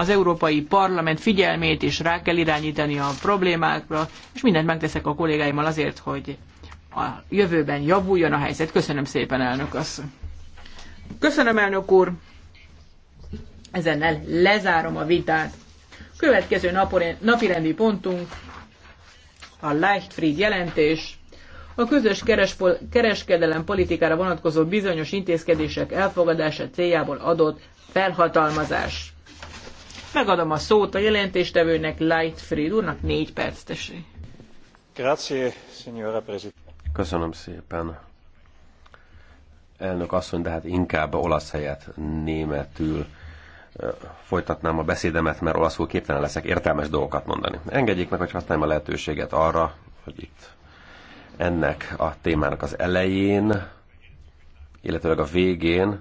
az Európai Parlament figyelmét is rá kell irányítani a problémákra, és mindent megteszek a kollégáimmal azért, hogy a jövőben javuljon a helyzet. Köszönöm szépen, elnök asszony. Köszönöm, elnök úr. Ezennel lezárom a vitát. Következő napirendi pontunk a Leichtfried jelentés, a közös kereskedelem politikára vonatkozó bizonyos intézkedések elfogadása céljából adott felhatalmazás. Megadom a szót a jelentéstevőnek, Fried úrnak, négy perc tessék. Grazie, signora Presidente. Köszönöm szépen. Elnök asszony, de hát inkább olasz helyett németül folytatnám a beszédemet, mert olaszul képtelen leszek értelmes dolgokat mondani. Engedjék meg, hogy használjam a lehetőséget arra, hogy itt ennek a témának az elején, illetőleg a végén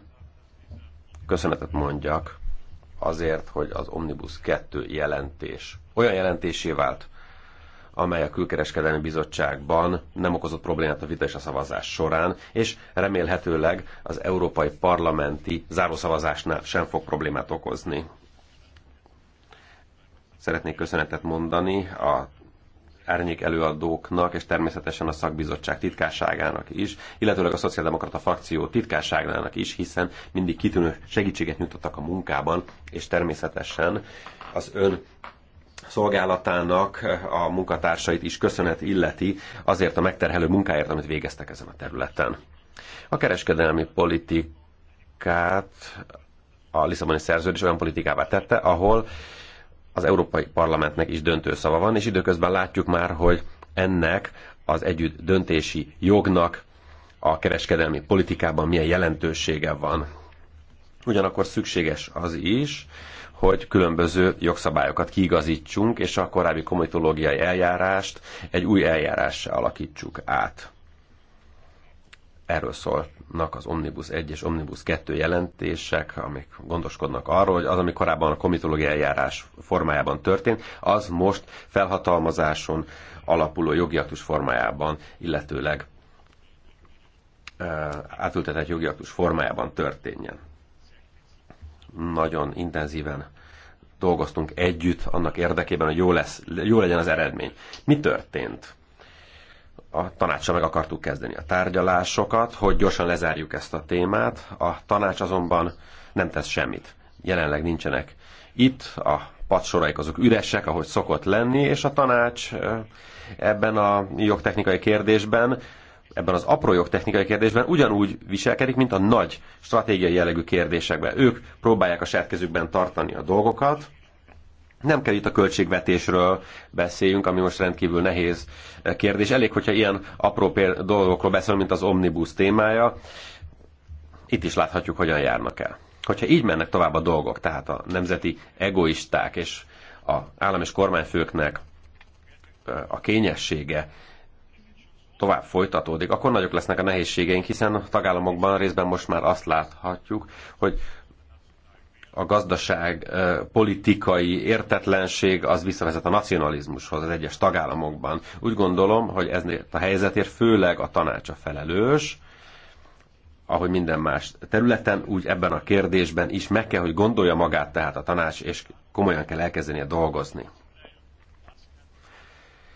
köszönetet mondjak azért, hogy az Omnibus 2 jelentés olyan jelentésé vált, amely a Külkereskedelmi Bizottságban nem okozott problémát a vita és a szavazás során, és remélhetőleg az Európai Parlamenti zárószavazásnál sem fog problémát okozni. Szeretnék köszönetet mondani a árnyék előadóknak, és természetesen a szakbizottság titkárságának is, illetőleg a szociáldemokrata frakció titkárságának is, hiszen mindig kitűnő segítséget nyújtottak a munkában, és természetesen az ön szolgálatának a munkatársait is köszönet illeti azért a megterhelő munkáért, amit végeztek ezen a területen. A kereskedelmi politikát a Lisszaboni szerződés olyan politikává tette, ahol az Európai Parlamentnek is döntő szava van, és időközben látjuk már, hogy ennek az együtt döntési jognak a kereskedelmi politikában milyen jelentősége van. Ugyanakkor szükséges az is, hogy különböző jogszabályokat kiigazítsunk, és a korábbi komitológiai eljárást egy új eljárásra alakítsuk át. Erről szólnak az Omnibus 1 és Omnibus 2 jelentések, amik gondoskodnak arról, hogy az, ami korábban a komitológiai eljárás formájában történt, az most felhatalmazáson alapuló jogi aktus formájában, illetőleg átültetett jogi aktus formájában történjen. Nagyon intenzíven dolgoztunk együtt annak érdekében, hogy jó, lesz, jó legyen az eredmény. Mi történt? a tanácsa meg akartuk kezdeni a tárgyalásokat, hogy gyorsan lezárjuk ezt a témát. A tanács azonban nem tesz semmit. Jelenleg nincsenek itt, a patsoraik azok üresek, ahogy szokott lenni, és a tanács ebben a jogtechnikai kérdésben ebben az apró jogtechnikai kérdésben ugyanúgy viselkedik, mint a nagy stratégiai jellegű kérdésekben. Ők próbálják a sertkezükben tartani a dolgokat, nem kell itt a költségvetésről beszéljünk, ami most rendkívül nehéz kérdés. Elég, hogyha ilyen apró dolgokról beszélünk, mint az omnibus témája. Itt is láthatjuk, hogyan járnak el. Hogyha így mennek tovább a dolgok, tehát a nemzeti egoisták és a állam és kormányfőknek a kényessége tovább folytatódik, akkor nagyok lesznek a nehézségeink, hiszen a tagállamokban részben most már azt láthatjuk, hogy a gazdaság politikai értetlenség az visszavezet a nacionalizmushoz az egyes tagállamokban. Úgy gondolom, hogy ez a helyzetért főleg a tanácsa felelős, ahogy minden más területen, úgy ebben a kérdésben is meg kell, hogy gondolja magát tehát a tanács, és komolyan kell elkezdenie dolgozni.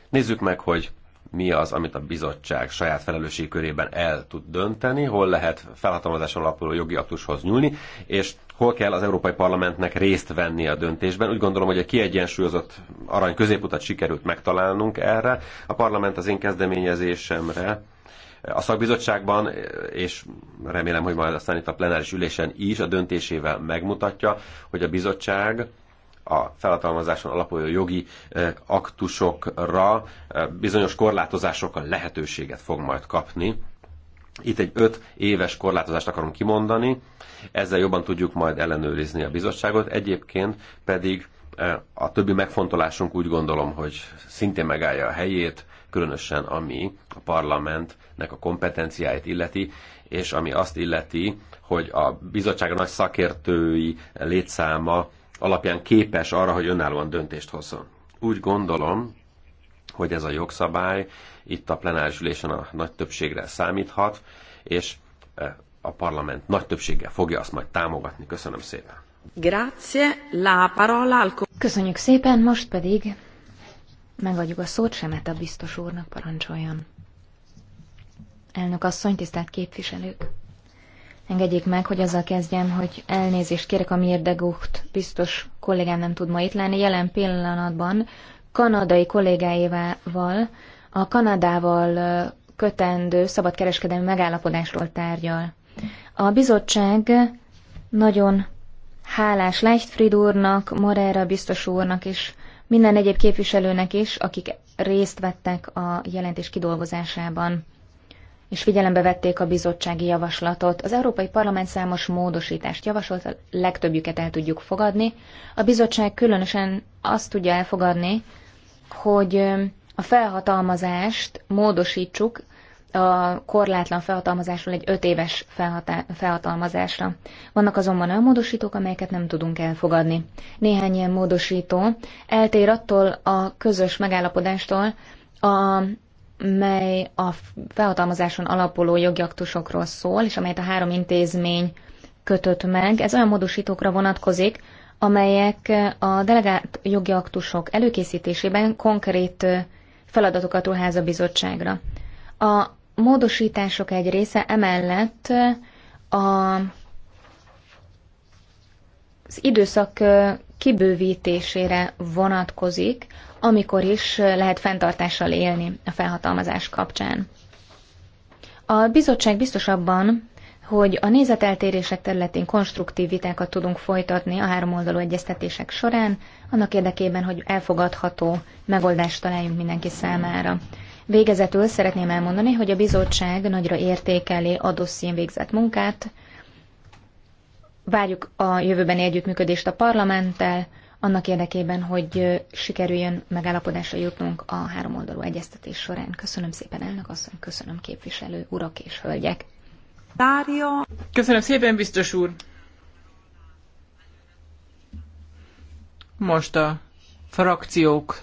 Nézzük meg, hogy mi az, amit a bizottság saját felelősség körében el tud dönteni, hol lehet felhatalmazáson alapuló jogi aktushoz nyúlni, és hol kell az Európai Parlamentnek részt venni a döntésben. Úgy gondolom, hogy a kiegyensúlyozott arany középutat sikerült megtalálnunk erre. A parlament az én kezdeményezésemre a szakbizottságban, és remélem, hogy majd aztán itt a plenáris ülésen is a döntésével megmutatja, hogy a bizottság a felhatalmazáson alapuló jogi eh, aktusokra eh, bizonyos korlátozásokkal lehetőséget fog majd kapni. Itt egy öt éves korlátozást akarunk kimondani, ezzel jobban tudjuk majd ellenőrizni a bizottságot, egyébként pedig eh, a többi megfontolásunk úgy gondolom, hogy szintén megállja a helyét, különösen ami a parlamentnek a kompetenciáit illeti, és ami azt illeti, hogy a bizottság nagy szakértői létszáma alapján képes arra, hogy önállóan döntést hozzon. Úgy gondolom, hogy ez a jogszabály itt a plenáris ülésen a nagy többségre számíthat, és e, a parlament nagy többséggel fogja azt majd támogatni. Köszönöm szépen. Grazie, la parola al... Köszönjük szépen, most pedig megadjuk a szót semet a biztos úrnak, parancsoljon. Elnök asszony, tisztelt képviselők! Engedjék meg, hogy azzal kezdjem, hogy elnézést kérek, a Mirdegucht, biztos kollégám nem tud ma itt lenni. Jelen pillanatban kanadai kollégáival, a Kanadával kötendő szabadkereskedelmi megállapodásról tárgyal. A bizottság nagyon hálás Leichtfried úrnak, Morera biztos úrnak és minden egyéb képviselőnek is, akik részt vettek a jelentés kidolgozásában és figyelembe vették a bizottsági javaslatot. Az Európai Parlament számos módosítást javasolt, a legtöbbjüket el tudjuk fogadni. A bizottság különösen azt tudja elfogadni, hogy a felhatalmazást módosítsuk a korlátlan felhatalmazásról egy öt éves felhatalmazásra. Vannak azonban olyan módosítók, amelyeket nem tudunk elfogadni. Néhány ilyen módosító eltér attól a közös megállapodástól, a mely a felhatalmazáson alapuló jogjaktusokról szól, és amelyet a három intézmény kötött meg. Ez olyan módosítókra vonatkozik, amelyek a delegált jogjaktusok előkészítésében konkrét feladatokat ruház a bizottságra. A módosítások egy része emellett a, az időszak kibővítésére vonatkozik, amikor is lehet fenntartással élni a felhatalmazás kapcsán. A bizottság biztos abban, hogy a nézeteltérések területén konstruktív vitákat tudunk folytatni a háromoldalú egyeztetések során, annak érdekében, hogy elfogadható megoldást találjunk mindenki számára. Végezetül szeretném elmondani, hogy a bizottság nagyra értékeli a dosszín végzett munkát, várjuk a jövőben együttműködést a parlamenttel, annak érdekében, hogy sikerüljön megállapodásra jutnunk a három oldalú egyeztetés során. Köszönöm szépen, elnök asszony, köszönöm képviselő urak és hölgyek. Dária. Köszönöm szépen, biztos úr. Most a frakciók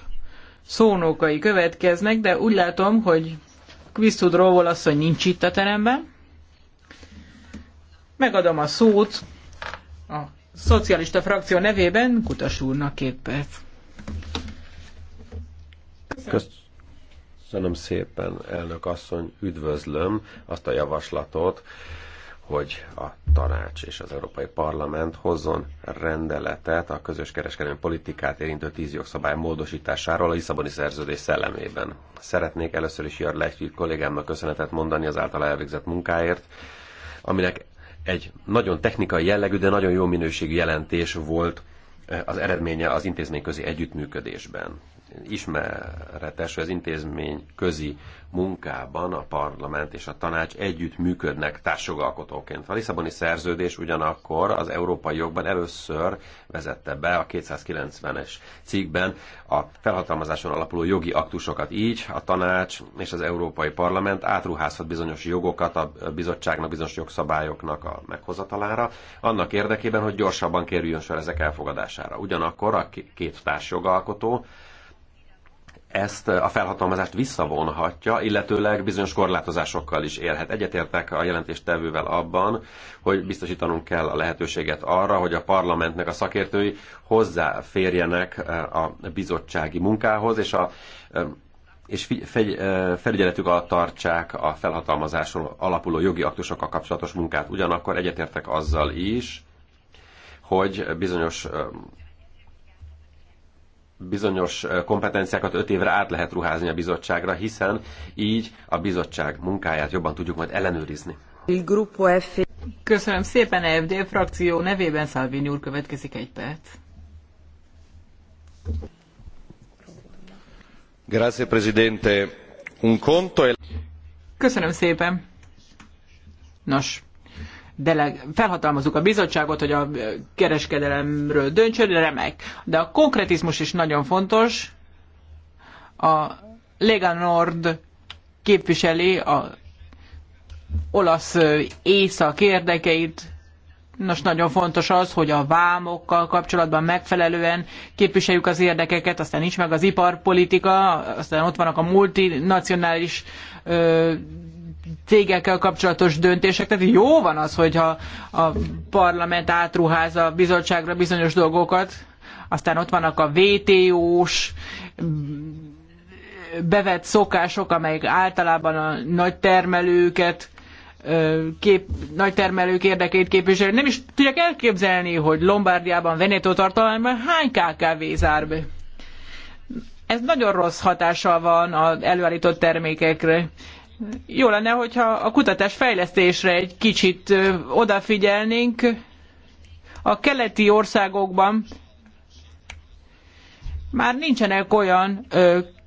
szónókai következnek, de úgy látom, hogy Quisztudróval asszony nincs itt a teremben. Megadom a szót a szocialista frakció nevében Kutas úrnak két perc. Köszönöm szépen, elnök asszony, üdvözlöm azt a javaslatot, hogy a tanács és az Európai Parlament hozzon rendeletet a közös kereskedelmi politikát érintő tíz jogszabály módosításáról a Lisszaboni szerződés szellemében. Szeretnék először is Jörg Lechtyűt kollégámnak köszönetet mondani az általa elvégzett munkáért, aminek egy nagyon technikai jellegű, de nagyon jó minőségű jelentés volt eh, az eredménye az intézményközi együttműködésben ismeretes, hogy az intézmény közi munkában a parlament és a tanács együtt működnek társjogalkotóként. A Lisszaboni szerződés ugyanakkor az európai jogban először vezette be a 290-es cikkben a felhatalmazáson alapuló jogi aktusokat. Így a tanács és az európai parlament átruházhat bizonyos jogokat a bizottságnak, bizonyos jogszabályoknak a meghozatalára, annak érdekében, hogy gyorsabban kerüljön sor ezek elfogadására. Ugyanakkor a két társjogalkotó ezt a felhatalmazást visszavonhatja, illetőleg bizonyos korlátozásokkal is élhet. Egyetértek a jelentéstevővel abban, hogy biztosítanunk kell a lehetőséget arra, hogy a parlamentnek a szakértői hozzáférjenek a bizottsági munkához, és a és felügyeletük alatt tartsák a felhatalmazáson alapuló jogi aktusokkal kapcsolatos munkát. Ugyanakkor egyetértek azzal is, hogy bizonyos bizonyos kompetenciákat öt évre át lehet ruházni a bizottságra, hiszen így a bizottság munkáját jobban tudjuk majd ellenőrizni. Köszönöm szépen, EFD frakció nevében Szalvini úr következik egy perc. Grazie, Presidente. Un conto e... Köszönöm szépen. Nos, deleg, felhatalmazunk a bizottságot, hogy a kereskedelemről döntsön, remek. De a konkretizmus is nagyon fontos. A Lega Nord képviseli a olasz észak érdekeit. Nos, nagyon fontos az, hogy a vámokkal kapcsolatban megfelelően képviseljük az érdekeket, aztán nincs meg az iparpolitika, aztán ott vannak a multinacionális ö, cégekkel kapcsolatos döntések. Tehát jó van az, hogyha a parlament átruház a bizottságra bizonyos dolgokat, aztán ott vannak a VTO-s bevett szokások, amelyek általában a nagy termelőket kép, nagy termelők érdekét képviselő. Nem is tudják elképzelni, hogy Lombardiában, Veneto tartományban hány KKV zár be. Ez nagyon rossz hatással van az előállított termékekre jó lenne, hogyha a kutatás fejlesztésre egy kicsit odafigyelnénk. A keleti országokban már nincsenek olyan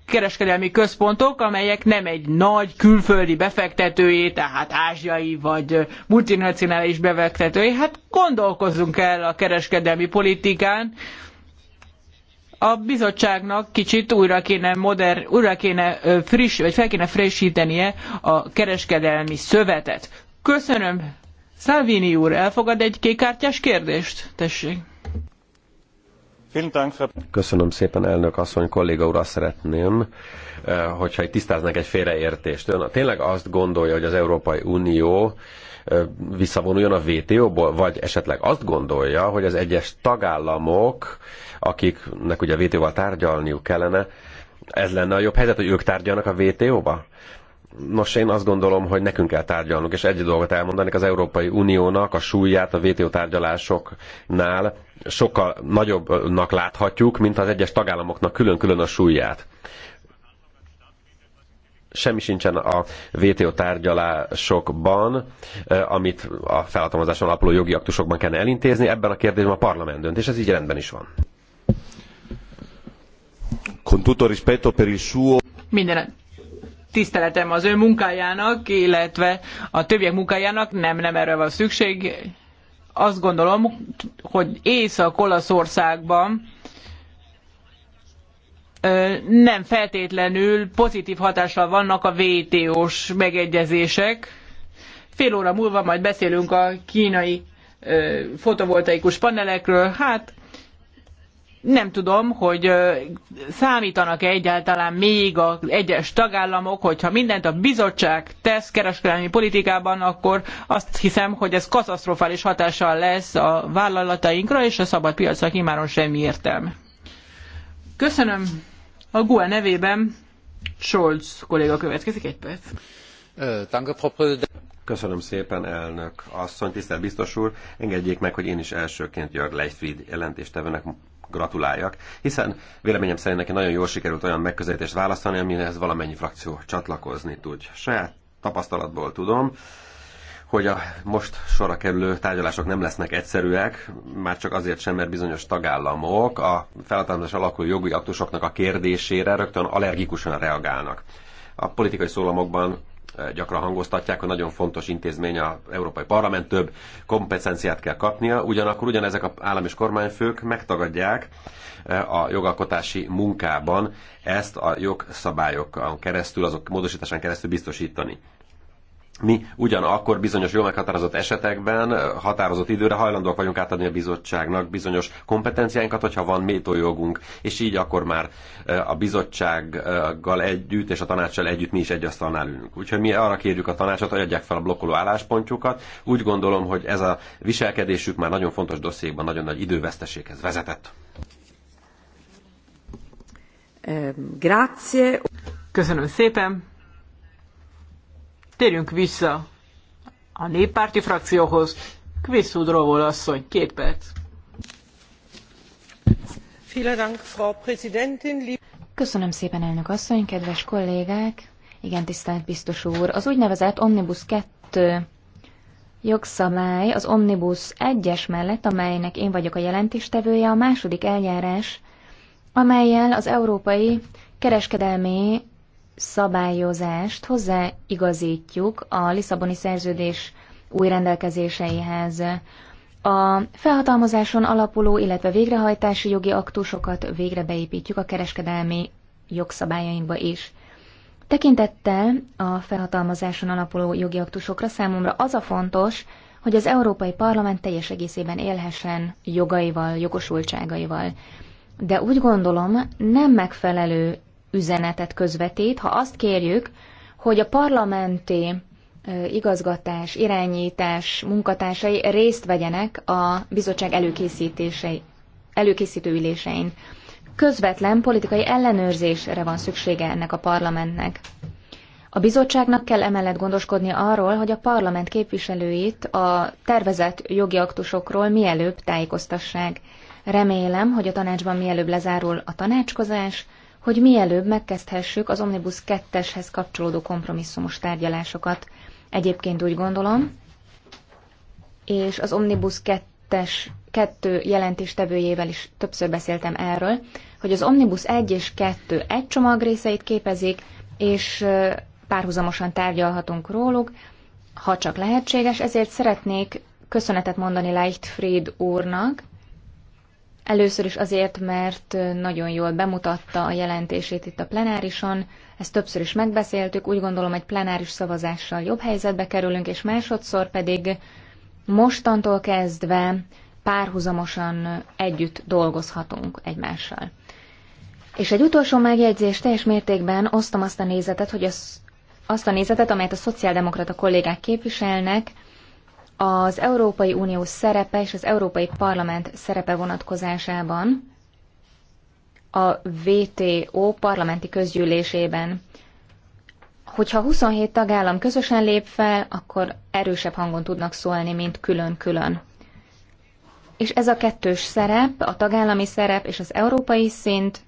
kereskedelmi központok, amelyek nem egy nagy külföldi befektetőjé, tehát ázsiai vagy multinacionális befektetőjé. Hát gondolkozzunk el a kereskedelmi politikán, a bizottságnak kicsit újra kéne, modern, újra kéne friss, vagy fel kéne frissítenie a kereskedelmi szövetet. Köszönöm. Salvini úr, elfogad egy kékkártyás kérdést? Tessék. Köszönöm szépen, elnök asszony, kolléga úr, azt szeretném, hogyha itt tisztáznak egy félreértést. Ön tényleg azt gondolja, hogy az Európai Unió visszavonuljon a WTO-ból, vagy esetleg azt gondolja, hogy az egyes tagállamok akiknek ugye a WTO-val tárgyalniuk kellene, ez lenne a jobb helyzet, hogy ők tárgyalnak a WTO-ba? Nos, én azt gondolom, hogy nekünk kell tárgyalnunk, és egy dolgot elmondanék, az Európai Uniónak a súlyát a WTO tárgyalásoknál sokkal nagyobbnak láthatjuk, mint az egyes tagállamoknak külön-külön a súlyát semmi sincsen a VTO tárgyalásokban, eh, amit a felhatalmazáson alapuló jogi aktusokban kellene elintézni, ebben a kérdésben a parlament dönt, és ez így rendben is van con tutto rispetto per il suo... Minden tiszteletem az ő munkájának, illetve a többiek munkájának, nem, nem erre van szükség. Azt gondolom, hogy Észak-Olaszországban nem feltétlenül pozitív hatással vannak a WTO-s megegyezések. Fél óra múlva majd beszélünk a kínai fotovoltaikus panelekről. Hát nem tudom, hogy számítanak-e egyáltalán még az egyes tagállamok, hogyha mindent a bizottság tesz kereskedelmi politikában, akkor azt hiszem, hogy ez katasztrofális hatással lesz a vállalatainkra, és a szabad piacra kimáron semmi értelme. Köszönöm a GUE nevében. Scholz kolléga következik egy perc. Köszönöm szépen, elnök asszony, tisztelt biztos úr. Engedjék meg, hogy én is elsőként Jörg Leichtfried jelentéstevőnek gratuláljak, hiszen véleményem szerint neki nagyon jól sikerült olyan megközelítést választani, amihez valamennyi frakció csatlakozni tud. Saját tapasztalatból tudom, hogy a most sorra kerülő tárgyalások nem lesznek egyszerűek, már csak azért sem, mert bizonyos tagállamok a feladatlanos alakuló jogi aktusoknak a kérdésére rögtön allergikusan reagálnak. A politikai szólamokban gyakran hangoztatják, hogy nagyon fontos intézmény a Európai Parlament, több kompetenciát kell kapnia, ugyanakkor ugyanezek a állam és kormányfők megtagadják e, a jogalkotási munkában ezt a jogszabályokon keresztül, azok módosításán keresztül biztosítani mi ugyanakkor bizonyos jól meghatározott esetekben határozott időre hajlandóak vagyunk átadni a bizottságnak bizonyos kompetenciáinkat, hogyha van métójogunk, és így akkor már a bizottsággal együtt és a tanácssal együtt mi is egy asztalnál ülünk. Úgyhogy mi arra kérjük a tanácsot, hogy adják fel a blokkoló álláspontjukat. Úgy gondolom, hogy ez a viselkedésük már nagyon fontos dossziékban nagyon nagy időveszteséghez vezetett. Grazie. Köszönöm szépen. Térjünk vissza a néppárti frakcióhoz. Kvisszudrovol asszony, két perc. Köszönöm szépen, elnök asszony, kedves kollégák! Igen, tisztelt biztos úr, az úgynevezett Omnibus 2 jogszabály az Omnibus 1-es mellett, amelynek én vagyok a jelentéstevője, a második eljárás, amelyel az európai kereskedelmi szabályozást hozzáigazítjuk a Lisszaboni szerződés új rendelkezéseihez. A felhatalmazáson alapuló, illetve végrehajtási jogi aktusokat végre beépítjük a kereskedelmi jogszabályainkba is. Tekintettel a felhatalmazáson alapuló jogi aktusokra számomra az a fontos, hogy az Európai Parlament teljes egészében élhessen jogaival, jogosultságaival. De úgy gondolom, nem megfelelő üzenetet közvetít, ha azt kérjük, hogy a parlamenti igazgatás, irányítás munkatársai részt vegyenek a bizottság előkészítései, előkészítő ülésein. Közvetlen politikai ellenőrzésre van szüksége ennek a parlamentnek. A bizottságnak kell emellett gondoskodni arról, hogy a parlament képviselőit a tervezett jogi aktusokról mielőbb tájékoztassák. Remélem, hogy a tanácsban mielőbb lezárul a tanácskozás, hogy mielőbb megkezdhessük az Omnibus 2-eshez kapcsolódó kompromisszumos tárgyalásokat. Egyébként úgy gondolom, és az Omnibus 2-es kettő jelentéstevőjével is többször beszéltem erről, hogy az Omnibus 1 és 2 egy csomag részeit képezik, és párhuzamosan tárgyalhatunk róluk, ha csak lehetséges, ezért szeretnék köszönetet mondani Leichtfried úrnak, Először is azért, mert nagyon jól bemutatta a jelentését itt a plenárison, ezt többször is megbeszéltük, úgy gondolom egy plenáris szavazással jobb helyzetbe kerülünk, és másodszor pedig mostantól kezdve párhuzamosan együtt dolgozhatunk egymással. És egy utolsó megjegyzés, teljes mértékben osztom azt a nézetet, hogy az, azt a nézetet, amelyet a szociáldemokrata kollégák képviselnek, az Európai Unió szerepe és az Európai Parlament szerepe vonatkozásában a WTO parlamenti közgyűlésében. Hogyha 27 tagállam közösen lép fel, akkor erősebb hangon tudnak szólni, mint külön-külön. És ez a kettős szerep, a tagállami szerep és az európai szint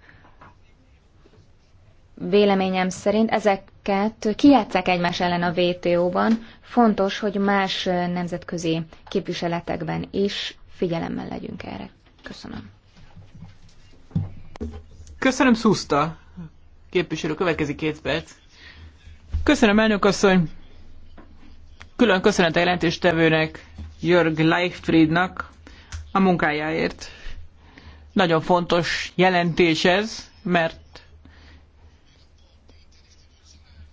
véleményem szerint ezeket kijátszák egymás ellen a WTO-ban. Fontos, hogy más nemzetközi képviseletekben is figyelemmel legyünk erre. Köszönöm. Köszönöm, Szuszta. Képviselő, következik két perc. Köszönöm, elnök asszony. Külön köszönet a jelentéstevőnek, Jörg Leichfriednak a munkájáért. Nagyon fontos jelentés ez, mert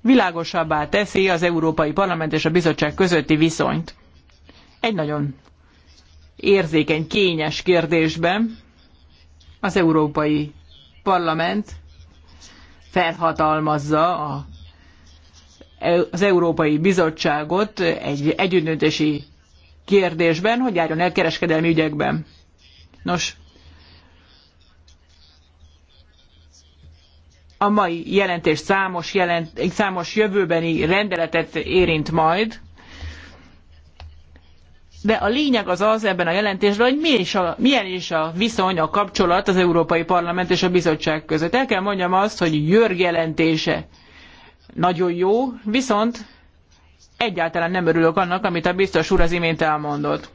világosabbá teszi az Európai Parlament és a Bizottság közötti viszonyt. Egy nagyon érzékeny, kényes kérdésben az Európai Parlament felhatalmazza a, az Európai Bizottságot egy együttműködési kérdésben, hogy járjon el kereskedelmi ügyekben. Nos, a mai jelentés számos, jelent, számos jövőbeni rendeletet érint majd, de a lényeg az az ebben a jelentésben, hogy mi is a, milyen is a viszony, a kapcsolat az Európai Parlament és a Bizottság között. El kell mondjam azt, hogy Jörg jelentése nagyon jó, viszont egyáltalán nem örülök annak, amit a biztos úr az imént elmondott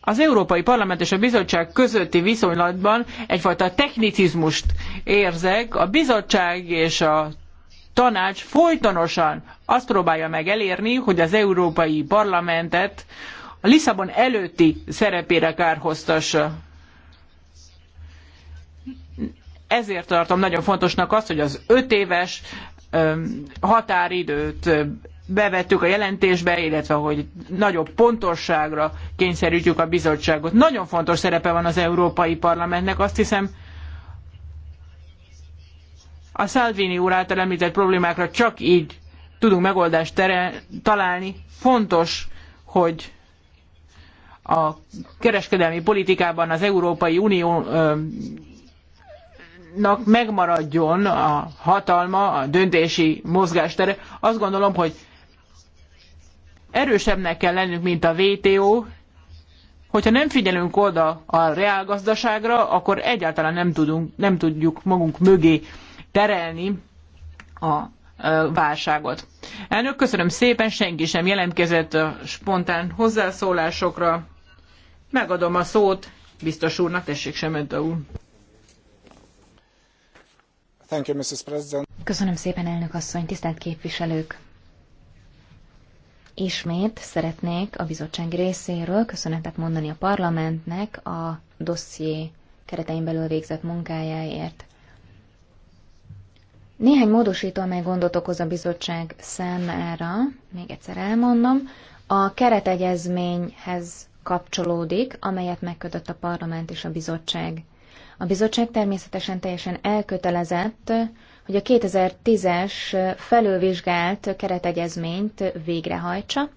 az Európai Parlament és a Bizottság közötti viszonylatban egyfajta technicizmust érzek. A bizottság és a tanács folytonosan azt próbálja meg elérni, hogy az Európai Parlamentet a Lisszabon előtti szerepére kárhoztassa. Ezért tartom nagyon fontosnak azt, hogy az öt éves határidőt bevettük a jelentésbe, illetve hogy nagyobb pontosságra kényszerítjük a bizottságot. Nagyon fontos szerepe van az Európai Parlamentnek, azt hiszem, a Salvini úr által említett problémákra csak így tudunk megoldást tere, találni. Fontos, hogy a kereskedelmi politikában az Európai Uniónak megmaradjon a hatalma, a döntési mozgástere. Azt gondolom, hogy erősebbnek kell lennünk, mint a WTO, hogyha nem figyelünk oda a reálgazdaságra, akkor egyáltalán nem, tudunk, nem tudjuk magunk mögé terelni a válságot. Elnök, köszönöm szépen, senki sem jelentkezett a spontán hozzászólásokra. Megadom a szót, biztos úrnak, tessék Sementa úr. Thank you, Mrs. President. Köszönöm szépen, elnök asszony, tisztelt képviselők! Ismét szeretnék a bizottság részéről köszönetet mondani a parlamentnek a dosszié keretein belül végzett munkájáért. Néhány módosító, amely gondot okoz a bizottság számára, még egyszer elmondom, a keretegyezményhez kapcsolódik, amelyet megkötött a parlament és a bizottság. A bizottság természetesen teljesen elkötelezett, hogy a 2010-es felülvizsgált keretegyezményt végrehajtsa,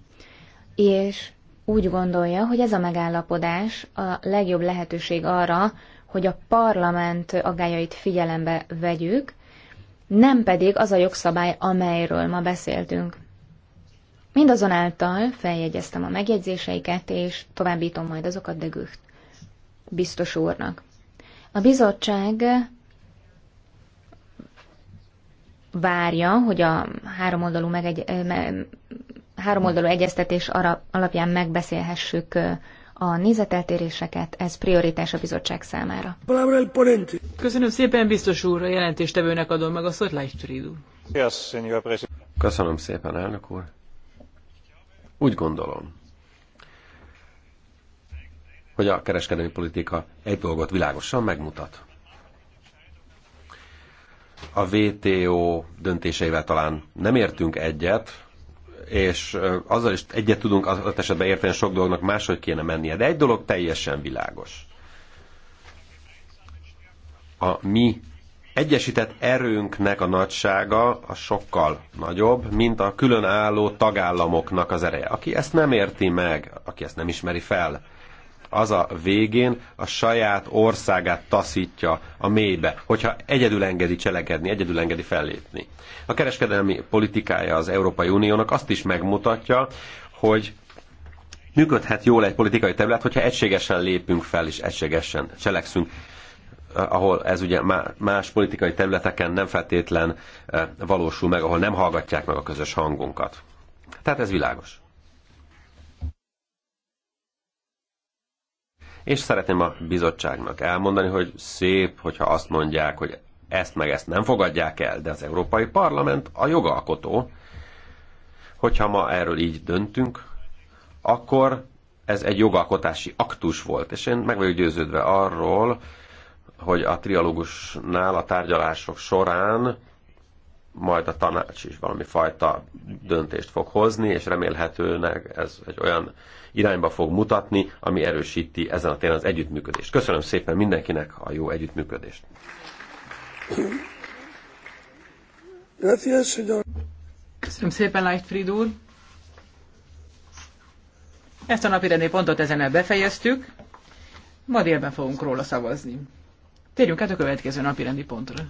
és úgy gondolja, hogy ez a megállapodás a legjobb lehetőség arra, hogy a parlament aggájait figyelembe vegyük, nem pedig az a jogszabály, amelyről ma beszéltünk. Mindazonáltal feljegyeztem a megjegyzéseiket, és továbbítom majd azokat de Gücht biztos úrnak. A bizottság várja, hogy a háromoldalú, megegy, háromoldalú egyeztetés alapján megbeszélhessük a nézeteltéréseket, ez prioritás a bizottság számára. Köszönöm szépen, biztos úr, a jelentéstevőnek adom meg a szót, Leichtfried úr. Köszönöm szépen, elnök úr. Úgy gondolom, hogy a kereskedelmi politika egy dolgot világosan megmutat. A WTO döntéseivel talán nem értünk egyet, és azzal is egyet tudunk az esetben érteni, sok dolognak máshogy kéne mennie. De egy dolog teljesen világos. A mi egyesített erőnknek a nagysága a sokkal nagyobb, mint a különálló tagállamoknak az ereje. Aki ezt nem érti meg, aki ezt nem ismeri fel, az a végén a saját országát taszítja a mélybe, hogyha egyedül engedi cselekedni, egyedül engedi fellépni. A kereskedelmi politikája az Európai Uniónak azt is megmutatja, hogy működhet jól egy politikai terület, hogyha egységesen lépünk fel és egységesen cselekszünk ahol ez ugye más politikai területeken nem feltétlen eh, valósul meg, ahol nem hallgatják meg a közös hangunkat. Tehát ez világos. És szeretném a bizottságnak elmondani, hogy szép, hogyha azt mondják, hogy ezt meg ezt nem fogadják el, de az Európai Parlament a jogalkotó. Hogyha ma erről így döntünk, akkor ez egy jogalkotási aktus volt, és én meg vagyok győződve arról, hogy a trialógusnál, a tárgyalások során majd a tanács is valami fajta döntést fog hozni, és remélhetőleg ez egy olyan irányba fog mutatni, ami erősíti ezen a téren az együttműködést. Köszönöm szépen mindenkinek a jó együttműködést. Köszönöm szépen, Leichtfried úr. Ezt a napi rendi pontot ezen befejeztük. Ma délben fogunk róla szavazni. Térjünk át a következő napi rendi pontra.